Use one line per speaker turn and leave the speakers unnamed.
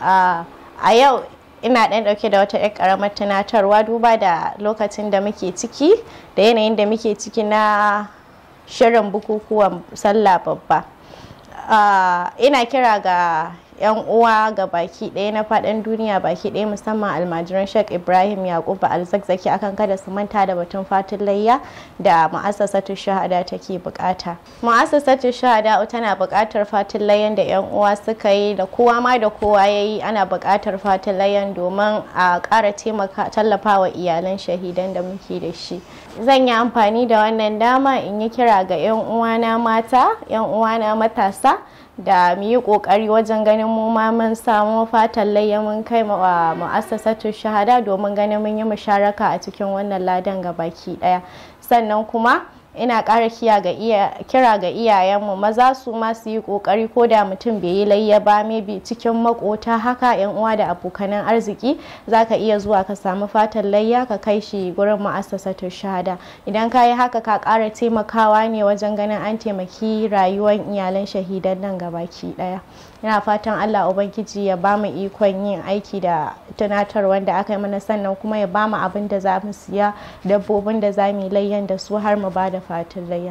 a yau ina ɗan ɗauke da wata 'yar ƙaramar tunatarwa duba da lokacin da muke ciki da yanayin da muke ciki na shirin bukukuwan sallah babba ina kira ga 'yan uwa ga baki ɗaya na faɗin duniya baki ɗaya musamman almajiran sheikh ibrahim yakub alzakzaki akan kada su manta da batun fatin layya da maasasatu shahada take bukata ma'asasatu shahada tana bukatar fatin layyan da 'yan uwa suka yi da kowa ma da kowa ya yi ana bukatar fatin layyan domin a ƙara taimaka tallafawa iyalan shahidan da muke da shi zan yi amfani da wannan dama in yi kira ga 'yan uwana mata 'yan uwana matasa da mu yi ƙoƙari wajen ganin mu ma mun samu fatan layya mun kai wa ah, mu'assasatu shahada domin ganin mun yi musharaka a cikin wannan ladan gabaki daya sannan kuma ina ƙara kira ga iyayenmu maza su masu yi ƙoƙari ko da mutum bai yi layya ba maybe cikin makota haka yan uwa da abokanan arziki za ka iya zuwa ka samu fatan layya ka kai shi gurin ma'asasatul shahada idan ka yi haka ka ƙara taimakawa ne wajen ganin an taimaki rayuwar iyalan shahidan nan gabaki ɗaya ina fatan allah ubangiji ya bamu ikon yin aiki da tunatar wanda aka yi mana sannan kuma ya bamu abin da za mu siya dabbobin da za mu yi layyan da su har mu ba da fatin layya